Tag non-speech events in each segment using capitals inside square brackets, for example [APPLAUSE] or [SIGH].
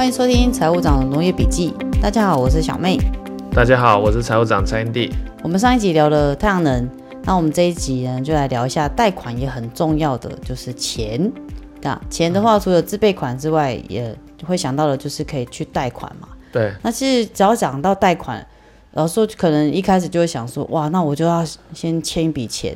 歡迎收聽財務長的農業筆記。大家好，我是小妹。大家好，我是財務長蔡英弟。我們上一集聊了太陽能，那我們這一集呢，就來聊一下貸款，也很重要的就是錢。錢的話，除了自備款之外，嗯、也會想到的，就是可以去貸款嘛。對。那其實只要講到貸款，然後說可能一開始就會想說，哇，那我就要先簽一筆錢，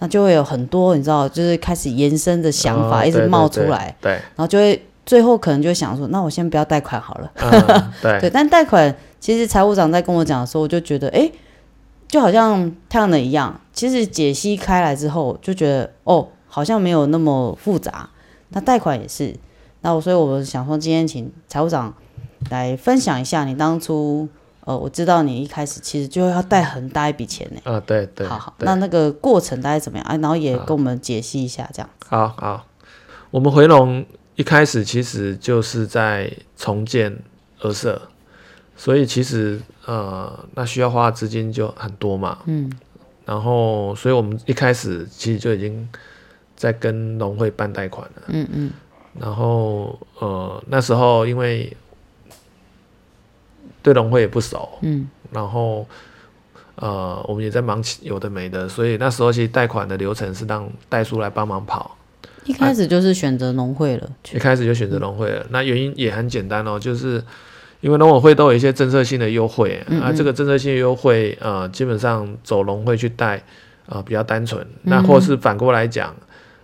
那就會有很多，你知道，就是開始延伸的想法一直冒出來。哦、對，對，對，對。對。然後就會。最後可能就想說，那我先不要貸款好了。嗯、對， [LAUGHS] 對，但貸款其實財務長在跟我講的時候，我就覺得，哎、欸，就好像這了一樣。其實解析開來之後，我就覺得哦，好像沒有那麼複雜。那貸款也是。那我所以我想說，今天請財務長來分享一下，你當初、呃、我知道你一開始其實就要貸很大一筆錢呢。啊、嗯，對對。好好，對那那個過程大概怎麼樣？哎、啊，然後也跟我們解析一下、嗯、這樣。好好，我們回龍。一開始其實就是在重建鵝舍，所以其實呃，那需要花的資金就很多嘛。嗯，然後所以我們一開始其實就已經在跟農會辦貸款了。嗯嗯。然後呃，那時候因為對農會也不熟，嗯，然後呃，我們也在忙有的沒的，所以那時候其實貸款的流程是讓代書來幫忙跑。一開始就是選擇農會了。啊，一開始就選擇農會了。嗯、那原因也很簡單哦，就是因為農委會都有一些政策性的優惠。啊，那、嗯嗯啊、這個政策性優惠，呃，基本上走農會去貸，呃，比較單純。那或是反過來講，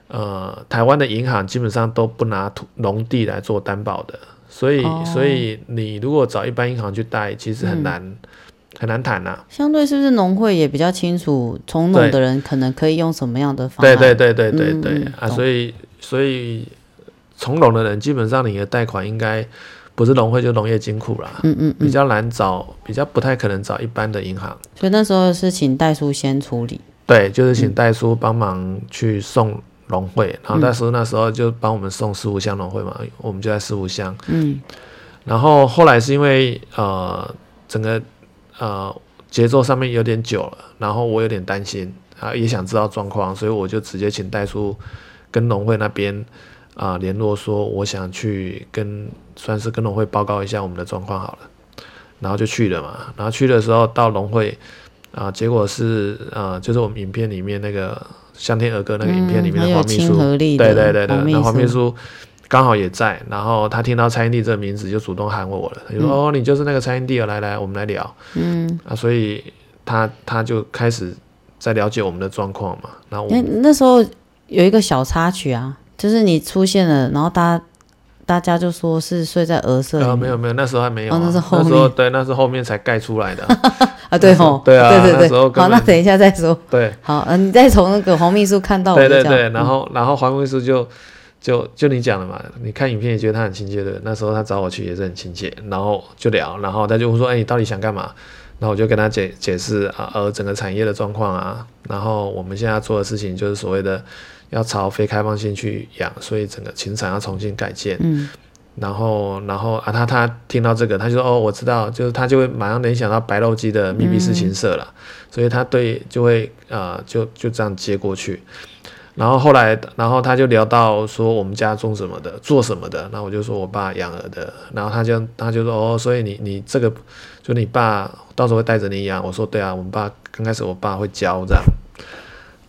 呃，台灣的銀行基本上都不拿土農地來做擔保的，所以，哦、所以你如果找一般銀行去貸，其實很難。嗯很難談吶、啊，相對是不是農會也比較清楚，從農的人對可能可以用什麼樣的方式？對對對對對對、嗯嗯、啊！所以所以從農的人，基本上你的貸款應該不是農會就農業金庫啦，嗯嗯，嗯嗯比較難找，比較不太可能找一般的銀行。所以那時候是請代書先處理，對，就是請代書幫忙去送農會，嗯、然後代書那時候就幫我們送十五箱農會嘛，嗯、我們就在十五箱。嗯，然後後來是因為呃整個。呃，節奏上面有點久了，然後我有點擔心啊，也想知道狀況，所以我就直接請代書跟農會那邊啊聯絡，說我想去跟算是跟農會報告一下我們的狀況好了，然後就去了嘛。然後去的時候到農會啊，結果是啊，就是我們影片裡面那個《向天鵝歌》那個影片裡面的黃秘書，嗯、對，對對對對，那黃秘書，剛好也在，然後他聽到蔡英弟這個名字就主動喊我了，他就說：“嗯、哦，你就是那個蔡英弟啊、哦，來來，我們來聊。”嗯，啊，所以他他就開始在了解我們的狀況嘛。然後我，哎，那時候有一個小插曲啊，就是你出現了，然後大家大家就說是睡在鵝舍裡。啊、哦，沒有沒有，那時候還沒有、啊，哦、那，那時候對，那是後面才蓋出來的。 [LAUGHS] 啊，對哦，對啊，對對對。好，那等一下再說。對，好，嗯，你再從那個黃秘書看到我，對對對，然後、嗯、然後黃秘書就。就就你講的嘛，你看影片也覺得他很親切的。那時候他找我去也是很親切，然後就聊，然後他就會說：“哎、欸，你到底想幹嘛？”然後我就跟他解解釋啊，呃，整個產業的狀況啊，然後我們現在做的事情就是所謂的要朝非開放性去養，所以整個禽場要重新改建。嗯。然後，然後啊，他他聽到這個，他就說：“哦，我知道。”就是他就會馬上聯想到白肉雞的密閉式禽舍了，嗯、所以他對就會啊、呃，就就這樣接過去。然後後來，然後他就聊到說我們家種什麼的，做什麼的。然後我就說我爸養鵝的。然後他就他就說哦，所以你你這個就你爸到時候會帶着你養。我說對啊，我們爸剛開始我爸會教這樣，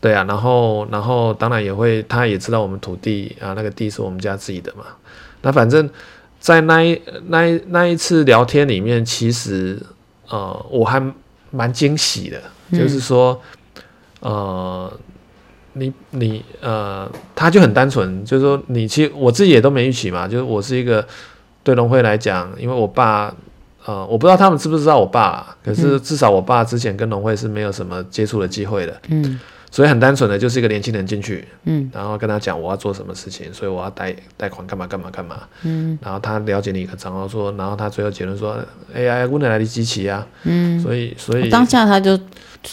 對啊。然後然後當然也會，他也知道我們土地啊，那個地是我們家自己的嘛。那反正，在那一那一那一次聊天裡面，其實呃，我還蠻驚喜的，嗯、就是說呃。你你呃，他就很單純，就是說你其實我自己也都沒預期嘛，就是我是一個對農會來講，因為我爸呃，我不知道他們知不知道我爸，可是至少我爸之前跟農會是沒有什麼接觸的機會的，嗯，所以很單純的就是一個年輕人進去，嗯，然後跟他講我要做什麼事情，所以我要貸貸款幹嘛幹嘛幹嘛，嗯，然後他了解你很長，然後說，然後他最後結論說，哎、欸、呀，無奈來機器啊，嗯，所，所以所以、啊、當下他就。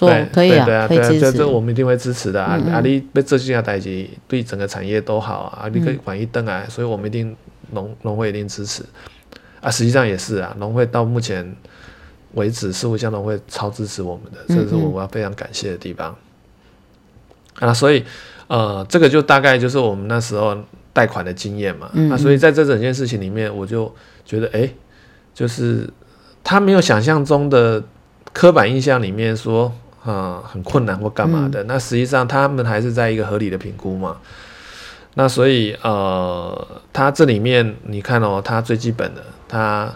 對，可以啊，對啊，對，這這我們一定會支持的啊！嗯嗯啊，你被資金啊貸起，對整個產業都好啊，啊、嗯嗯，你可以穩一凳啊，所以我們一定農農會一定支持啊，實際上也是啊，農會到目前為止，似乎像農會超支持我們的，這是我們要非常感謝的地方，嗯嗯啊，所以呃，這個就大概就是我們那時候貸款的經驗嘛，那、嗯嗯啊、所以在這整件事情裡面，我就覺得哎、欸，就是他沒有想象中的。刻板印象裡面說，啊、呃，很困難或幹嘛的，嗯、那實際上他們還是在一個合理的評估嘛。那所以，呃，他這裡面你看哦，他最基本的，他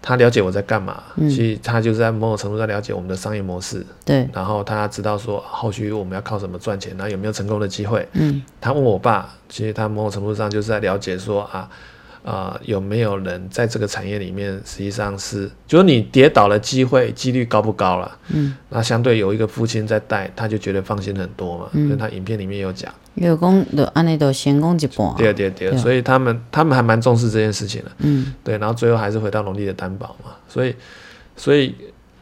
他了解我在幹嘛，嗯、其實他就是在某種程度上了解我們的商業模式。對、嗯。然後他知道說，後續我們要靠什麼賺錢，那有沒有成功的機會？嗯。他問我爸，其實他某種程度上就是在了解說啊。啊、呃，有沒有人在這個產業裡面，實際上是，就是你跌倒的機會，幾率高不高了？嗯，那相對有一個父親在帶，他就覺得放心很多嘛。嗯，因為他影片裡面有講，月講、嗯，的安內，都先講一步、啊，對。對啊，對對了所以他們，他們還蠻重視這件事情的。嗯，對，然後最後還是回到農地的擔保嘛。所以，所以，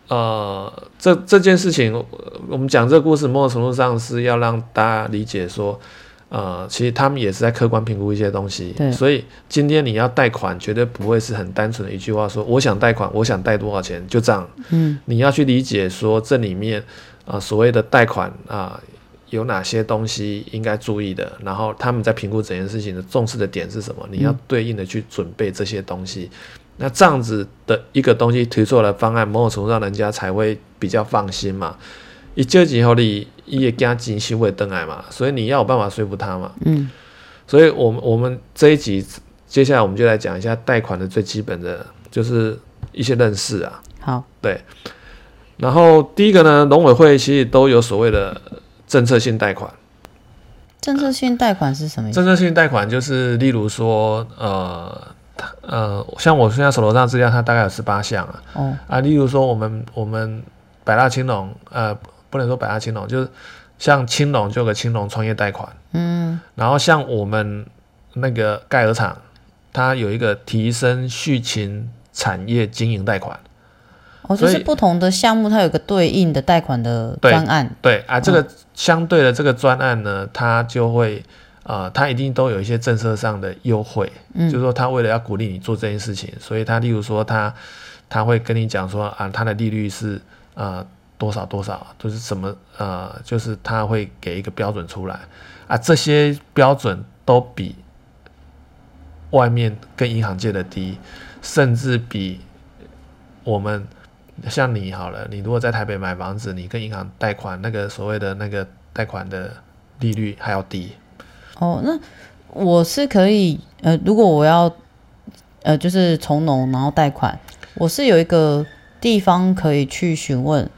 呃，這這件事情，我們講這個故事，某種程度上是要讓大家理解說。呃，其實他們也是在客觀評估一些東西，對所以今天你要貸款絕對不會是很單純的一句話說我想貸款，我想貸多少錢就這樣。嗯，你要去理解說這裡面啊、呃、所謂的貸款啊、呃、有哪些東西應該注意的，然後他們在評估整件事情的重視的點是什麼，你要對應的去準備這些東西。嗯、那這樣子的一個東西提出了方案，某種程度上人家才會比較放心嘛。伊借錢予你，伊會驚錢收袂回來嘛，所以你要有辦法說服他嘛。嗯，所以，我們我們這一集接下來我們就來講一下貸款的最基本的就是一些認識啊。好，對。然後第一個呢，農委會其實都有所謂的政策性貸款。政策性貸款是什麼、啊？政策性貸款就是例如說，呃，呃，像我現在手頭上的資料，它大概有十八項啊。哦、啊，例如說，我們我們百大青農，呃、啊。不能說百大青農，就是像青農就有個青農創業貸款，嗯，然後像我們那個蓋鵝場，它有一個提升畜禽產業經營貸款。哦，就是不同的項目，它有一個對應的貸款的專案，對，對啊，嗯、這個相對的這個專案呢，它就會啊、呃，它一定都有一些政策上的優惠，嗯，就是說他為了要鼓勵你做這件事情，所以他例如說他他會跟你講說啊，它的利率是啊。呃多少多少就是什麼？呃，就是他會給一個標準出來啊，這些標準都比外面跟銀行借的低，甚至比我們像你好了。你如果在台北買房子，你跟銀行貸款那個所謂的那個貸款的利率還要低。哦，那我是可以呃，如果我要呃，就是從農然後貸款，我是有一個地方可以去詢問。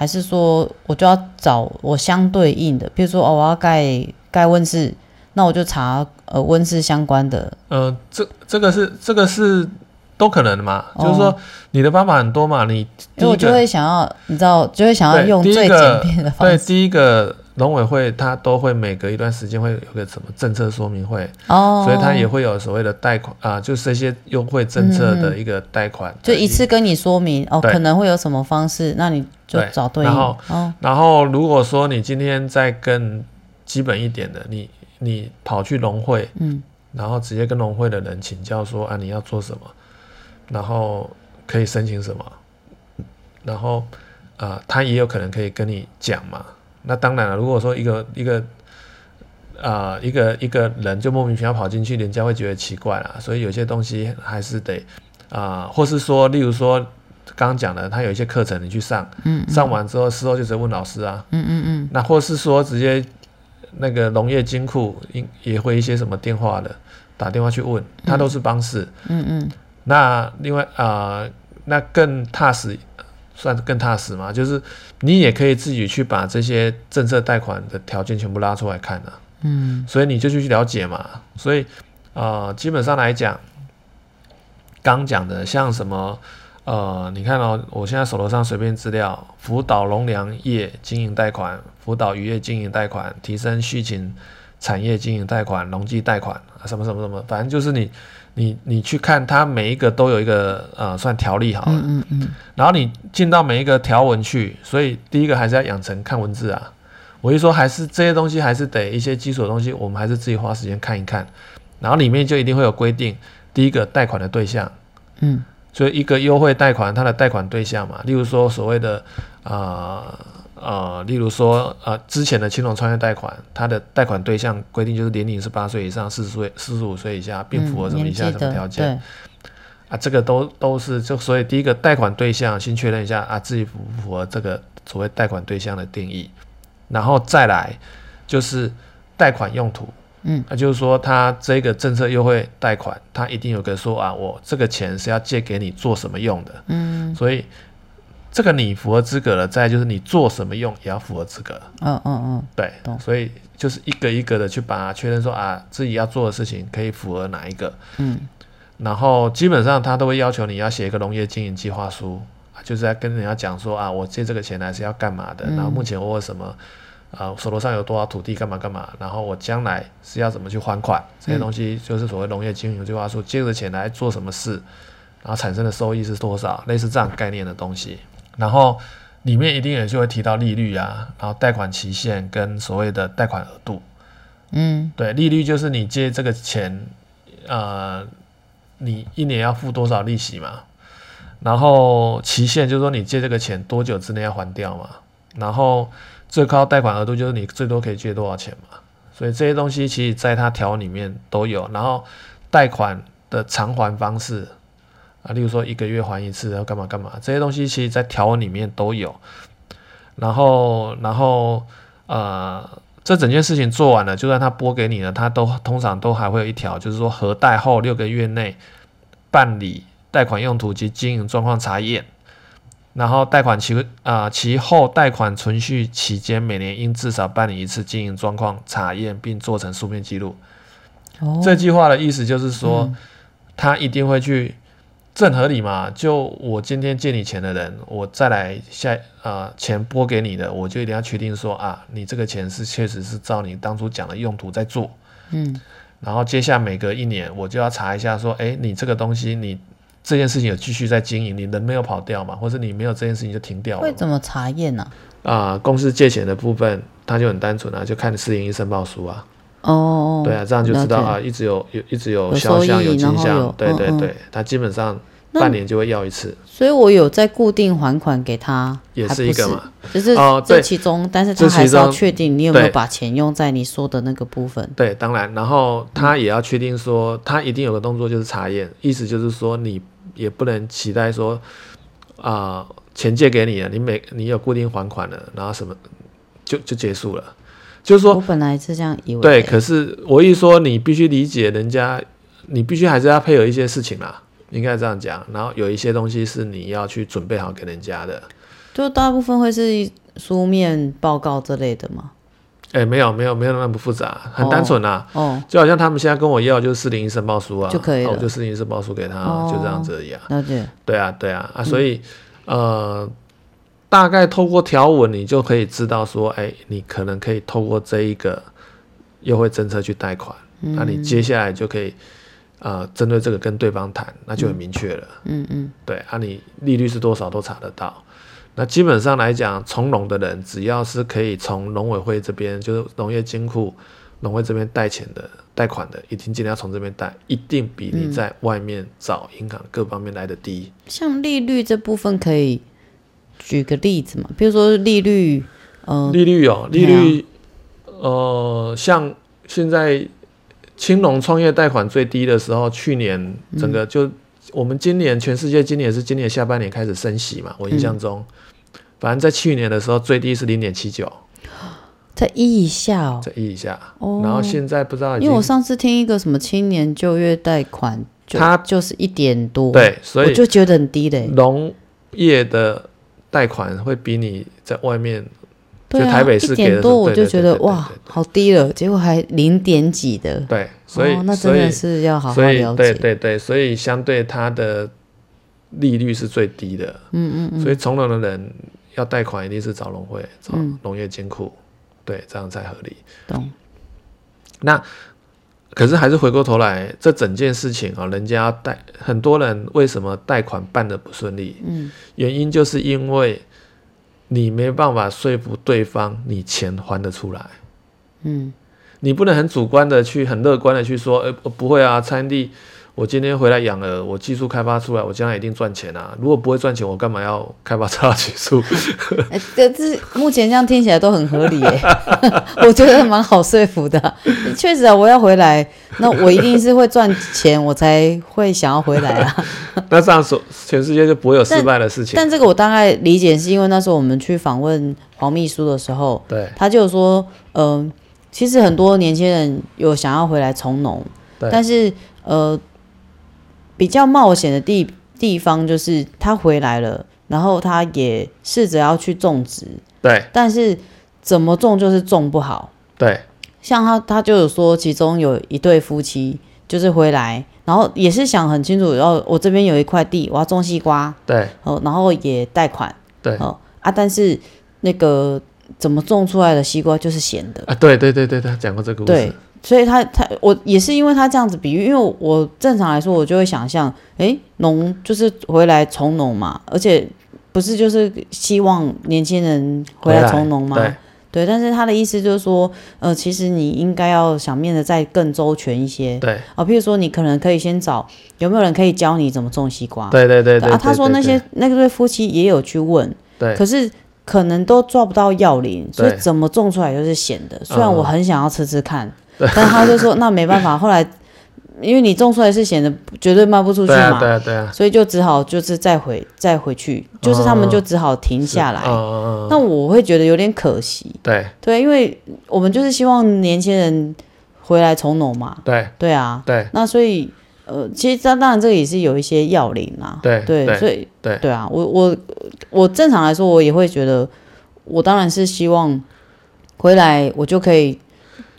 還是說，我就要找我相對應的，比如說，哦，我要蓋蓋溫室，那我就查呃溫室相關的。呃，這這個是這個是都可能的嘛？哦、就是說，你的方法很多嘛？你因為我就會想要，你知道，就會想要用最簡便的方式。對，第一個。農委會它都會每隔一段時間會有個什麼政策說明會，哦、所以它也會有所謂的貸款啊、呃，就是一些優惠政策的一個貸款以，就一次跟你說明哦，對可能會有什麼方式，那你就找對，對然後，哦、然後如果說你今天再更基本一點的你，你跑去農會，嗯、然後直接跟農會的人請教說啊，你要做什麼，然後可以申請什麼，然後，啊、呃，他也有可能可以跟你講嘛。那當然了，如果說一個一個啊、呃、一個一個人就莫名其妙跑進去，人家會覺得奇怪了。所以有些東西還是得啊、呃，或是說，例如說剛講的，他有一些課程你去上，嗯嗯上完之後事後就直接問老師啊，嗯嗯，嗯。那或是說直接那個農業金庫也會一些什麼電話的打電話去問他都是方式、嗯。嗯嗯。那另外啊、呃，那更踏實。算更踏實嘛，就是你也可以自己去把這些政策貸款的條件全部拉出來看吶，啊，嗯，所以你就去了解嘛。所以，呃，基本上來講，剛講的像什麼，呃，你看哦，我現在手頭上隨便資料，輔導農糧業經營貸款、輔導漁業經營貸款、提升畜禽產業經營貸款、農機貸款，什麼什麼什麼，反正就是你。你你去看它，每一個都有一個呃算條例好了。嗯，嗯嗯，然後你進到每一個條文去，所以第一個還是要養成看文字啊。我就說還是這些東西還是得一些基礎的東西，我們還是自己花時間看一看，然後裡面就一定會有規定。第一個貸款的對象，嗯，所以一個優惠貸款它，的貸款對象嘛，例如說所謂的啊。呃呃，例如說，呃，之前的青農創業貸款，它的貸款對象規定就是年齡是八歲以上，四十歲四十五歲以下，並符合什麼以下什麼條件。嗯、啊，這個都都是，就所以第一個貸款對象，先確認一下啊，自己符不符合這個所謂貸款對象的定義，然後再來就是貸款用途，嗯，那就是說他這個政策優惠貸款，他、嗯、一定有個說啊，我這個錢是要借給你做什麼用的，嗯，所以。這個你符合資格了，再就是你做什麼用也要符合資格。嗯嗯嗯。哦哦、對，懂所以就是一個一個的去把它確認說啊，自己要做的事情可以符合哪一個。嗯。然後基本上他都會要求你要寫一個農業經營計劃書，就是在跟人家講說啊，我借這個錢來是要幹嘛的，嗯、然後目前我有什麼啊，手頭上有多少土地幹嘛幹嘛，然後我將來是要怎麼去還款，這些東西就是所謂農業經營計劃書，借的、嗯、錢來做什麼事，然後產生的收益是多少，類似這樣概念的東西。然後裡面一定也是會提到利率啊，然後貸款期限跟所謂的貸款額度，嗯，對，利率就是你借這個錢，呃，你一年要付多少利息嘛？然後期限就是說你借這個錢多久之內要還掉嘛？然後最高貸款額度就是你最多可以借多少錢嘛？所以這些東西其實在它條文裡面都有。然後貸款的償還方式。啊，例如說一個月還一次，要幹嘛幹嘛，這些東西其實在條文裡面都有。然後，然後，呃，這整件事情做完了，就算他撥給你了，他都通常都還會有一條，就是說，核貸後六個月內辦理貸款用途及經營狀況查驗，然後貸款其啊、呃、其後貸款存續期間每年應至少辦理一次經營狀況查驗，並做成書面記錄。哦，這句話的意思就是說，嗯、他一定會去。正合理嘛？就我今天借你錢的人，我再來下啊、呃，錢撥給你的，我就一定要確定說啊，你這個錢是確實是照你當初講的用途在做，嗯，然後接下來每隔一年，我就要查一下說，哎、欸，你這個東西，你這件事情有繼續在經營，你人沒有跑掉嘛，或者你沒有這件事情就停掉了？了。會怎麼查驗呢、啊？啊、呃，公司借錢的部分，他就很單純啊，就看你私營業申報書啊。哦，哦，哦、對啊，這樣就知道啊，解一直有有一直有銷項有進項，金對對對，他、嗯嗯、基本上。那半年就會要一次，所以我有在固定還款給他，也是一個嘛，就是這其中，呃、但是他還是要確定你有沒有把錢用在你說的那個部分。對，當然，然後他也要確定說，他一定有個動作就是查驗，意思就是說你也不能期待說啊、呃，錢借給你了，你每你有固定還款了，然後什麼就就結束了，就是說我本來是這樣以為、欸，對，可是我一說，你必須理解人家，你必須還是要配合一些事情啦。應該這樣講，然後有一些東西是你要去準備好給人家的，就大部分會是書面報告之類的嘛？哎、欸，沒有沒有沒有那麼複雜，很單純啦，啊、哦。哦，就好像他們現在跟我要就是四零一申報書啊，就可以，啊，就四零一申報書給他，啊、哦，就這樣子一樣，對啊對啊，啊，所以，嗯、呃，大概透過條文你就可以知道說，哎、欸，你可能可以透過這一個優惠政策去貸款，那，嗯、啊、你接下來就可以。呃，針對這個跟對方談，那就很明確了。嗯嗯，嗯對，啊，你利率是多少都查得到。那基本上來講，從農的人，只要是可以從農委會這邊，就是農業金庫、農會這邊貸錢的、貸款的，一定盡量要從這邊貸，一定比你在外面找銀行各方面來的低、嗯。像利率這部分，可以舉個例子嘛？比如說利率，呃，利率哦，利率，哦、呃，像現在。青農創業貸款最低的時候，去年整個就我們今年全世界今年是今年下半年開始升息嘛，我印象中，嗯、反正在去年的時候最低是零點七九，在一以下哦，在一以下，哦、然後現在不知道，因為我上次聽一個什麼青年就業貸款就，它他就是一點多，對，所以我就覺得很低嘞。農業的貸款會比你在外面。就台北市給的，對啊，一點多我就覺得哇，好低了，結果還零點幾的。對，所以、哦、那真的是要好好了解所以。對對對，所以相對它的利率是最低的。嗯嗯嗯。所以從農的人要貸款，一定是找農會、找農業金庫，嗯、對，這樣才合理。懂。那可是還是回過頭來，這整件事情啊，人家貸很多人為什麼貸款辦得不順利？嗯，原因就是因為。你沒辦法說服對方，你錢還得出來，嗯，你不能很主觀的去，很樂觀的去說，呃，呃不會啊，餐廳。我今天回來養了，我技術開發出來，我將來一定賺錢啊！如果不會賺錢，我幹嘛要開發這項技術、 [LAUGHS] 欸？這這目前這樣聽起來都很合理、欸， [LAUGHS] 我覺得蠻好說服的、啊。確實啊，我要回來，那我一定是會賺錢，我才會想要回來啊。那這樣說，全世界就不會有失敗的事情。但這個我大概理解，是因為那時候我們去訪問黃祕書的時候，對，他就說，嗯、呃，其實很多年輕人有想要回來從農，對但是呃。比較冒險的地地方，就是他回來了，然後他也試着要去種植，對，但是怎麼種就是種不好，對。像他他就有說，其中有一對夫妻就是回來，然後也是想很清楚，然後、哦、我這邊有一塊地，我要種西瓜，對、哦，然後也貸款，對，哦、啊，但是那個怎麼種出來的西瓜就是鹹的，啊，對對對對，他講過這個故事。所以他他我也是因為他這樣子比喻，因為我正常來說我就會想象誒，農就是回來從農嘛，而且不是就是希望年輕人回來從農嗎？對，對，但是他的意思就是說，呃，其實你應該要想面的再更周全一些。對。啊，譬如說你可能可以先找有沒有人可以教你怎麼種西瓜。對對對對，對。啊，他說那些對對對對那個對夫妻也有去問，對可是可能都抓不到要領，所以怎麼種出來就是鹹的。對雖然我很想要吃吃看。嗯對 但他就說那沒辦法，後來因為你種出來是顯得絕對賣不出去嘛，對啊，對啊，對啊，所以就只好就是再回再回去，uh uh. 就是他們就只好停下來。那、uh uh. 我會覺得有點可惜，對對，因為我們就是希望年輕人回來從農嘛，對對啊，對。那所以呃，其實當當然這個也是有一些要領啦、啊，對對，對，所以對對啊，我我我正常來說我也會覺得，我當然是希望回來我就可以。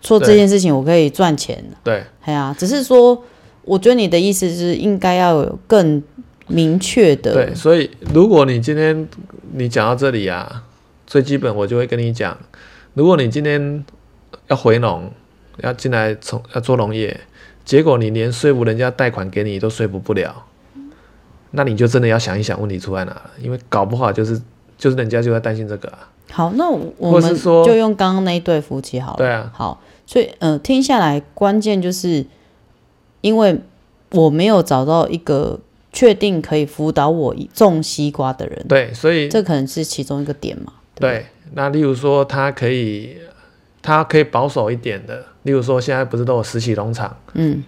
做這件事情對，我可以賺錢。對，哎呀，只是說，我覺得你的意思就是應該要有更明確的。對，所以如果你今天你講到這裡啊，最基本我就會跟你講，如果你今天要回農，要進來從要做農業，結果你連說服人家貸款給你都說服不了，那你就真的要想一想問題出在哪了，因為搞不好就是就是人家就在擔心這個啊。好，那我們就用剛剛那一對夫妻好了。對啊，好，所以呃，聽下來，關鍵就是因為我沒有找到一個確定可以輔導我種西瓜的人。對，所以這可能是其中一個點嘛。對，對，那例如說，他可以，他可以保守一點的，例如說，現在不是都有實習農場？嗯。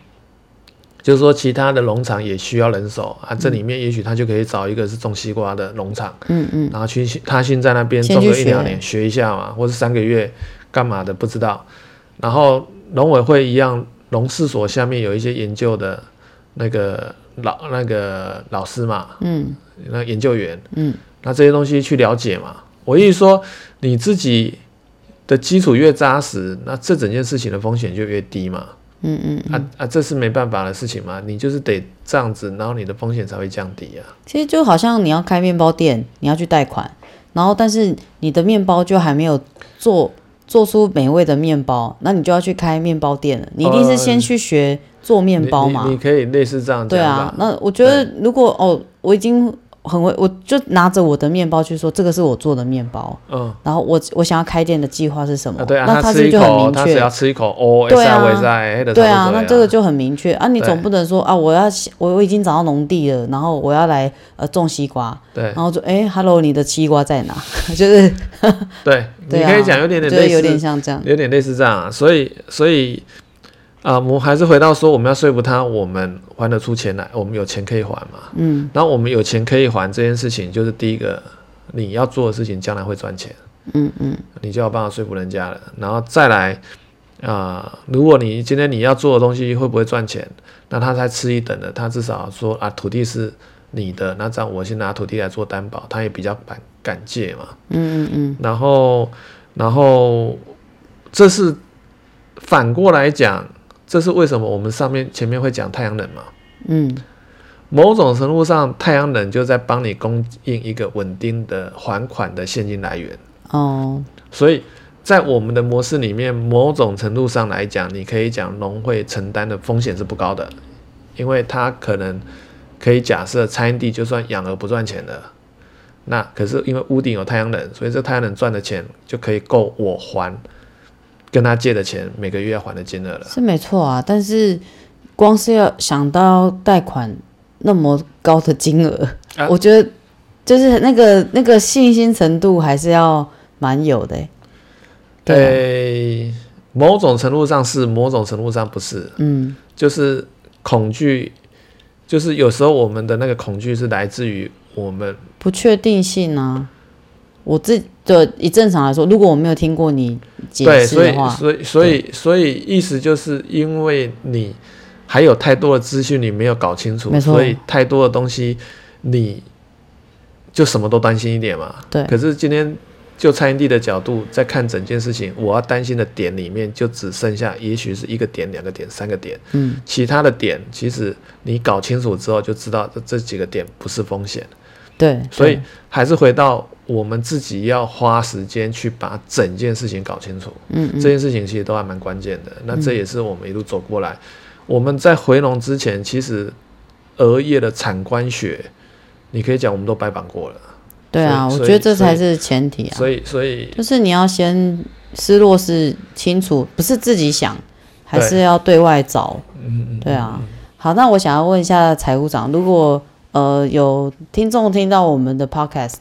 就是說，其他的農場也需要人手啊。這裡面也許他就可以找一個是種西瓜的農場，嗯嗯，嗯然後去他先在那邊種個一兩年學，學一下嘛，或者三個月幹嘛的不知道。然後農委會一樣，農試所下面有一些研究的那個老那個老師嘛，嗯，那研究員，嗯，那這些東西去了解嘛。我意思說，你自己的基礎越扎實，那這整件事情的風險就越低嘛。嗯嗯，嗯啊啊，這是沒辦法的事情嘛，你就是得這樣子，然後你的風險才會降低啊。其實就好像你要開麵包店，你要去貸款，然後但是你的麵包就還沒有做做出美味的麵包，那你就要去開麵包店了。你一定是先去學做麵包嘛、呃你。你可以類似這樣子。對啊，那我覺得如果、嗯、哦，我已經。很會，我就拿着我的麵包去說，這個是我做的麵包。嗯，然後我我想要開店的計劃是什麼？對啊，他他只要吃一口，哦，我對啊，那這個就很明確啊。你總不能說啊，我要我我已經找到農地了，然後我要來呃種西瓜。對，然後就哎，Hello，你的西瓜在哪？就是對，對，你可以講有點點，對，有點像這樣，有點類似這樣，所以，所以。啊、呃，我們還是回到說，我們要說服他，我們還得出錢來，我們有錢可以還嘛？嗯，然後我們有錢可以還這件事情，就是第一個你要做的事情，將來會賺錢。嗯嗯，嗯你就有辦法說服人家了。然後再來啊、呃，如果你今天你要做的東西會不會賺錢，那他才吃一等的。他至少說啊，土地是你的，那這樣我先拿土地來做擔保，他也比較敢敢借嘛。嗯嗯嗯。嗯然後，然後這是反過來講。這是為什麼我們上面前面會講太陽能嘛？嗯，某種程度上，太陽能就在幫你供應一個穩定的還款的現金來源。哦，所以在我們的模式裡面，某種程度上來講，你可以講農會承擔的風險是不高的，因為它可能可以假設餐地就算養鵝不賺錢了，那可是因為屋頂有太陽能，所以這太陽能賺的錢就可以夠我還。跟他借的錢，每個月要還的金額了，是沒錯啊。但是光是要想到貸款那麼高的金額，啊、我覺得就是那個那個信心程度還是要蠻有的、欸。對、啊欸，某種程度上是，某種程度上不是。嗯，就是恐懼，就是有時候我們的那個恐懼是來自於我們不確定性呢、啊。我自己。對，以正常來說，如果我沒有聽過你對，解釋的話，所以所以所以所以意思就是因為你還有太多的資訊你沒有搞清楚，沒錯，所以太多的東西你就什麼都擔心一點嘛。對。可是今天就蔡文帝的角度在看整件事情，我要擔心的點裡面就只剩下也許是一個點、兩個點、三個點，嗯，其他的點其實你搞清楚之後就知道這這幾個點不是風險。對，對所以還是回到我們自己要花時間去把整件事情搞清楚。嗯，嗯這件事情其實都還蠻關鍵的。嗯、那這也是我們一路走過來，嗯、我們在回農之前，其實鵝業的產官學，你可以講我們都拜訪過了。對啊，以以我覺得這才是前提啊。所以，所以,所以就是你要先失落是清楚，不是自己想，還是要對外找。嗯對,對啊。嗯嗯、好，那我想要問一下財務長，如果。呃，有聽眾聽到我們的 podcast，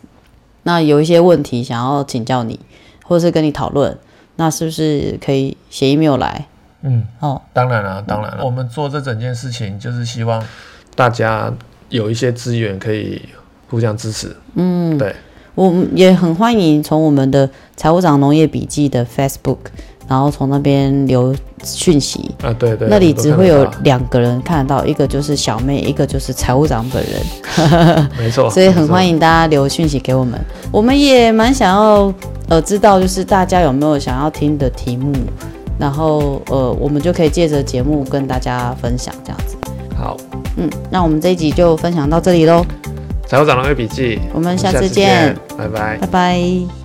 那有一些問題想要請教你，或是跟你討論，那是不是可以寫 email 來？嗯，哦，當然了，當然了，嗯、我們做這整件事情就是希望大家有一些資源可以互相支持。嗯，對我也很歡迎從我們的財務長農業筆記的 Facebook。然後從那邊留訊息啊，對對，那裡只會有兩個人看到，看到一個就是小妹，一個就是財務長本人， [LAUGHS] 沒錯， [LAUGHS] 所以很歡迎大家留訊息給我們，沒錯，我們也蠻想要，呃，知道就是大家有沒有想要聽的題目，然後呃，我們就可以借着節目跟大家分享這樣子。好，嗯，那我們這一集就分享到這裡嘍，財務長的農業筆記，我們下次見，次見拜拜，拜拜。